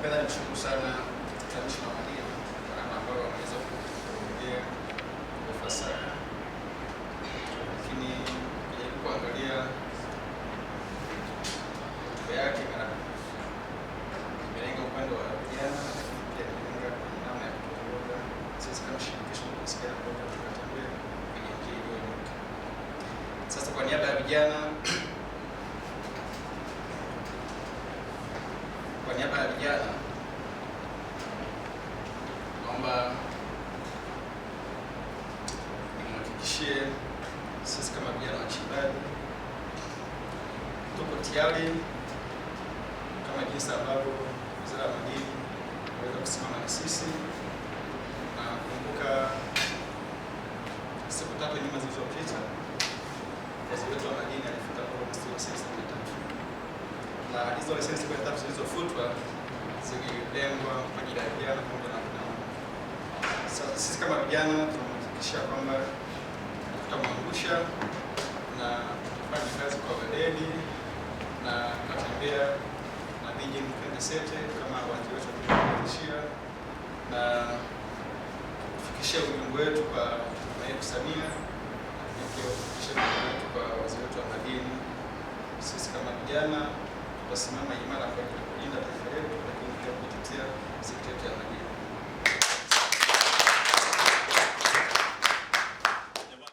Kwanza nimshukuru sana Tanshi na Maria ambao wameweza kuongea kwa fasaha, lakini jaribu kuangalia hotuba yake na imelenga upande wa vijana, lakini pia imelenga namna ya kuongoza sisi kama shirikisho la Kiislamu ambao tunatembea kwenye njia iliyonyooka. Sasa kwa niaba ya vijana kwa niaba ya vijana naomba nimhakikishie sisi kama vijana wa wachimbaji tuko tayari kama jinsi ambavyo Wizara ya Madini waweza kusimama na sisi. Nakumbuka siku tatu nyuma zilizopita waziri wetu wa madini alifuta leseni kumi na tatu na hizo leseni kumi na tatu zilizofuta mlengwa kwa ajili ya vijana pamoja na wanaume. Sasa sisi kama vijana tunahakikisha kwamba tutamwangusha na kufanya kazi kwa weledi na katembea na Vision 2030 kama watu wote tunashia na kufikisha ujumbe wetu kwa Rais Samia na pia kufikisha ujumbe wetu kwa waziri wetu wa madini. Sisi kama vijana tutasimama imara kwa ajili ya kulinda taifa letu kutetea